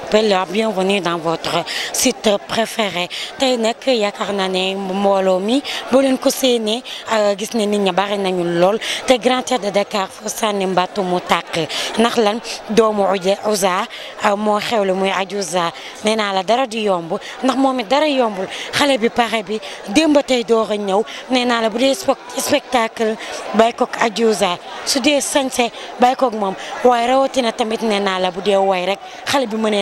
people bienvenue dans votre site préféré tey nag yaakaar naa ne mi ko séenee euh, gis ne nit ñi bari nañu lool te Grand Théâtre de Dakar fo sànni mbàttu mu tak nax lan doomu Ouza euh, mo xewlu muy ajuza nee la dara di yomb ndax momi dara yombul xale bi pare bi demba tay do a ñew nee la bu spectacle bay koog ajuza su dee sañse bàyyi koog moom waaye rawatina tamit nee la bu dee woy rek xale bi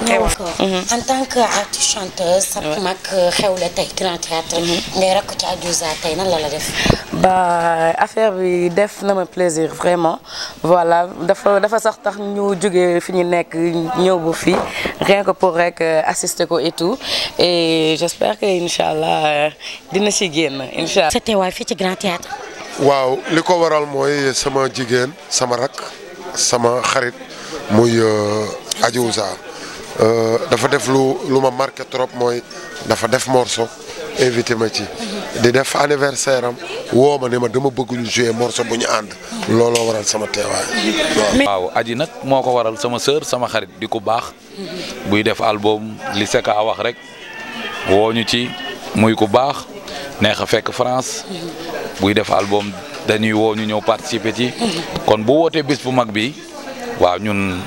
Mhm. en tant que artiste chanteuse ça m'a xew la grand théâtre mhm. ngay rakk ci Adiouza tey nan la la def ba affaire bi def na me plaisir vraiment voilà dafa dafa sax tax ñu jógee fi ñu nekk ñëw bu fii rien que pour rek euh, assister ko et tout et j'espère que inshallah allah dina si génn incha allah sa teewaay fii ci grand théâtre waaw li ko waral mooy sama jigéen sama rakk sama xarit muy euh, Adiouza Euh, dafa def lu lu ma marke trop mooy dafa def morceau invité ma ci di def anniversaire am woo ma ne ma dama bëgg ñu jouer morceau bu ñu ànd looloo waral sama teewaay. waaw aji nag moo ko waral sama sœur sama xarit di ku baax buy def album li a wax rek woo ñu ci muy ku baax neex a fekk France buy def album dañuy woo ñu ñëw participer ci kon bu wootee bis bu mag bi waaw ñun.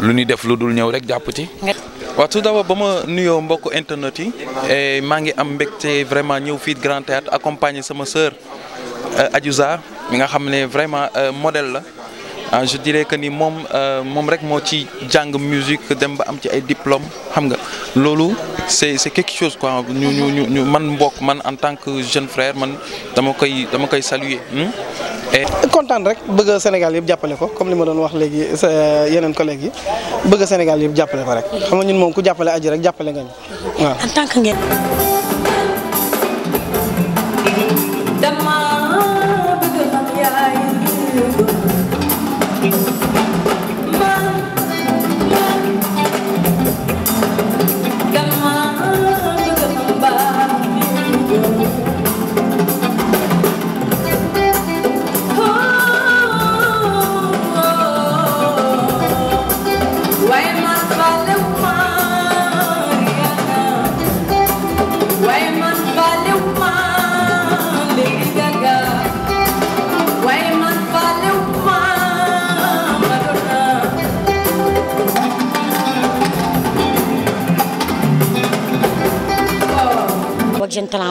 lu ñuy def lu dul ñëw rek jàpp ci. waaw tout d'abord ba ma nuyoo mbokk internet yi eh, maa ngi am mbégte vraiment ñëw fii Grand Théâtre accompagner sama sœur eh, Adiouza mi nga xam ne vraiment eh, modèle la. Ah, je dirais que ni moom euh, moom rek moo ci musique dem ba am ci ay diplôme xam nga lolu c'est c'est quelque chose quoi ñu ñu ñu man mbok man en tant que jeune frère man dama koy dama koy saluer. content hmm? rek bëgg Sénégal yëpp jappalé ko comme li ma doon wax légui sa yenen collègues yi bëgg Sénégal yëpp jappalé ko rek xam nga ñun mom ku jàppale aji rek jappalé nga ñu waaw. en tant que ngeen.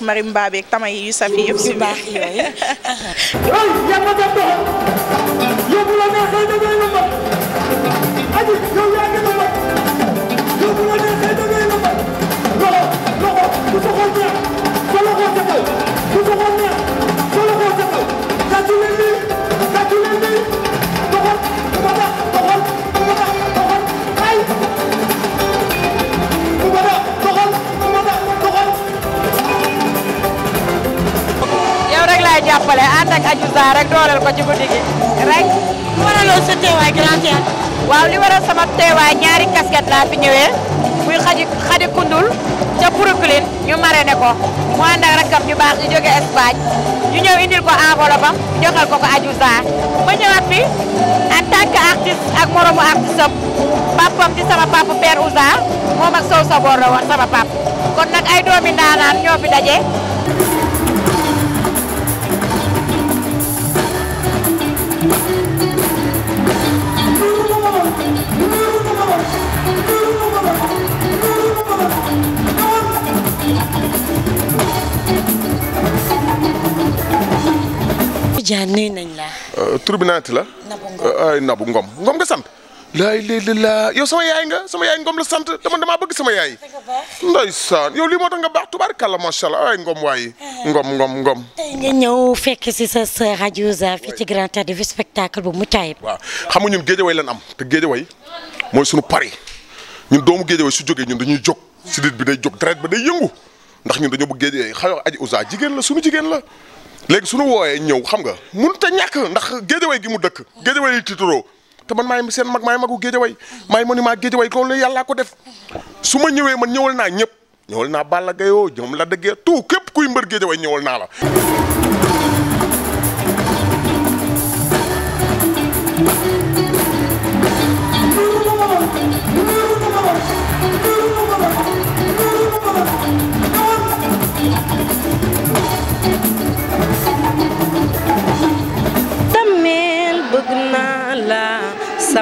ak marim baabeeg tama yi yu saf yi yëpp si baax yooyu yóbbu la neexee da ngay lu mat aji yow yaa gën a mat yóbbu la waaw li waral sama teewaay ñaari casquette laa fi ñëwee muy xaji xaji kundul ca Brooklyn ñu marraine ko mu ànd ak rakam ñu baax ñu jóge Espagne ñu ñëw indil ko enveloppe am joxal ko ko Adiouza ma ñëwaat fi en tant que artiste ak moromu artiste am papam di sama papa Père Ouza moom ak Sow Sabor la woon sama pap kon nag ay doomi ndaanaan ñoo fi daje Thank you. tur bi naati la. Euh, Nabou Ngom Ngom nga sant. laay léegi laa yow sama yaay nga sama yaay Ngom la sant dama damaa bëgg sama yaay. ndeysaan yow lii moo tax nga baax tubaarkàlla macha allah ay Ngom waaye. Eh. Ngom Ngom Ngom. tey nga ñëw ñun géejawaay lañ am te géejawaay mooy sunu pari ñun doomu géejawaay su jógee ñun dañuy jóg sidit bi day jóg deret bi day yëngu ndax ñun dañoo bëgg géejawaay xayoo aji usa jigéen la sunu jigéen la léegi suñu wooyee ñëw xam nga mun a ñàkk ndax géejawaay gi mu dëkk géejawaay yi tiituroo te man maay seen mag maay magu géejawaay maay maa géejawaay loolu yàllaa ko def su ma ñëwee man ñëwal naa ñëpp ñëwal naa Balla Gaye ñoom la dëggee tout képp kuy mbër géejawaay ñëwal naa la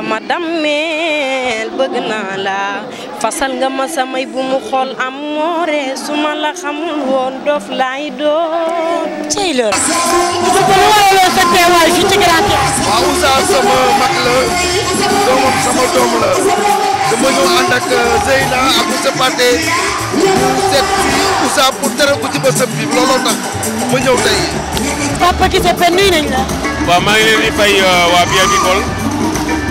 madame dammeel bëgg la fasal nga ma samay bu mu xol am moore suma la xamul won dof laay doon cey lool sa teewaay fii ci Grand Théâtre waaw sama mag la doomam sama doom la dama ñëw ànd ak euh, Zeyna ak Moussa Pathé ñu pour tere ko ci bi tax ma Papa Kissé Pène nuyu nañ la ngi di fay euh, waa Bienvenue People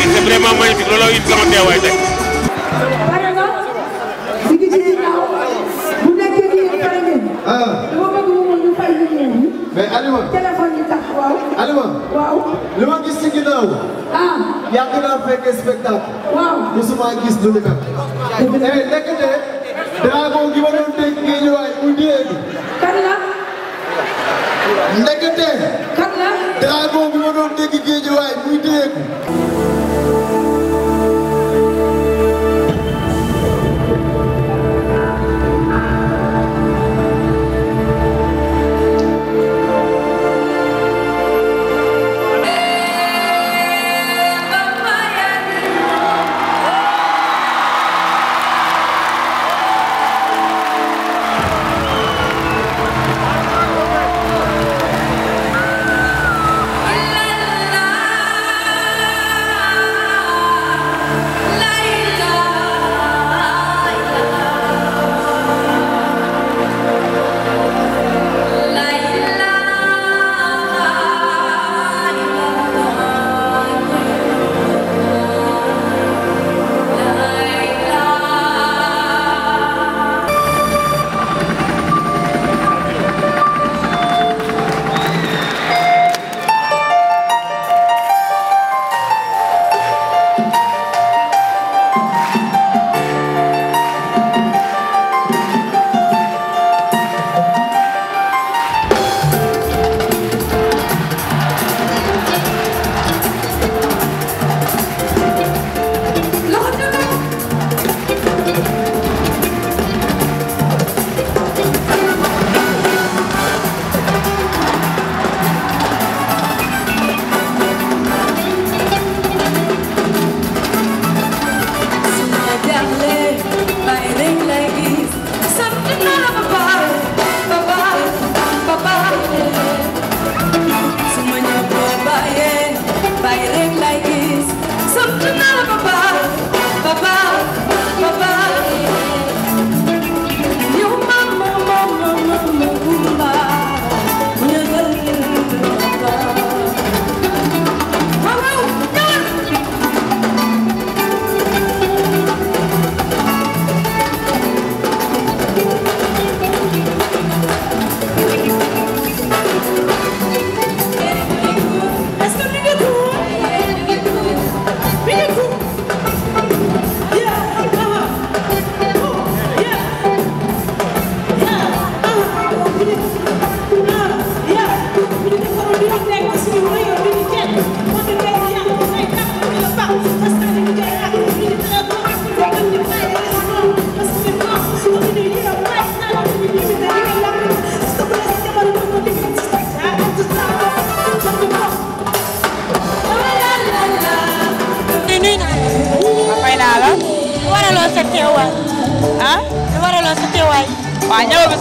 c'est vraiment ah. ma gis ci ginnaaw. ah. yàgg naa fekkee spectacle. waaw musuma gis lu nekk. eh nekk de. drapeau gi ma doon dégg ngeen mu dee. kan la. ndekete. kan la. drapeau bi ma doon dégg géej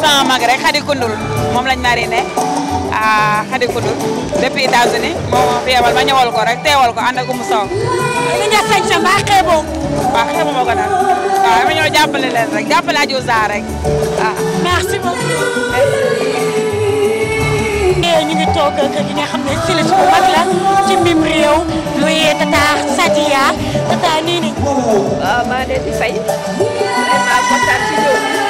sama mag rek Khady Koundoul moom lañ mariné ah Khady Koundoul depuis États-Unis moom moo fi yebal ma ñëwal ko rek teewal ko ànd ak Oumou Sow. li nga sañ sa mbaa xeeboo. waaw xeebu ma ko daal waaw ah, dama ñëw jàppale leen rek jàppale Adji ah. Ouza eh, ñu ngi toog ak ki nga ne sële si bu mag la ci mbim réew muy Tata Sadia Tata nii nii. waaw ah, maa ngi leen di ci ñëw.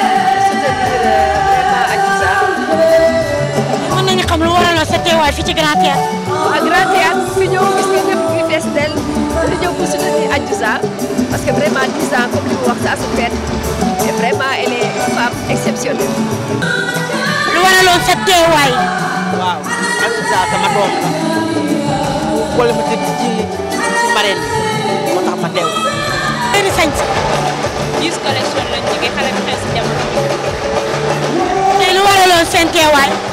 mën nañu xam lu waraloon sa teewaay fii ci Grand Théâtre. waaw ah, Grand Théâtre fi ñëw gis nga ñëpp ñu fees del li ñëw pour soutenir Adji Sarr parce que vraiment Adji Sarr comme li mu wax saa su fekk et vraiment elle est une femme exceptionnelle. lu waraloon sa teewaay. waaw Adji Sarr sama doom la. wala ma tëdd ci ci marraine bi moo tax ma teew. benn sañ. 10 collection lañu. đâu anh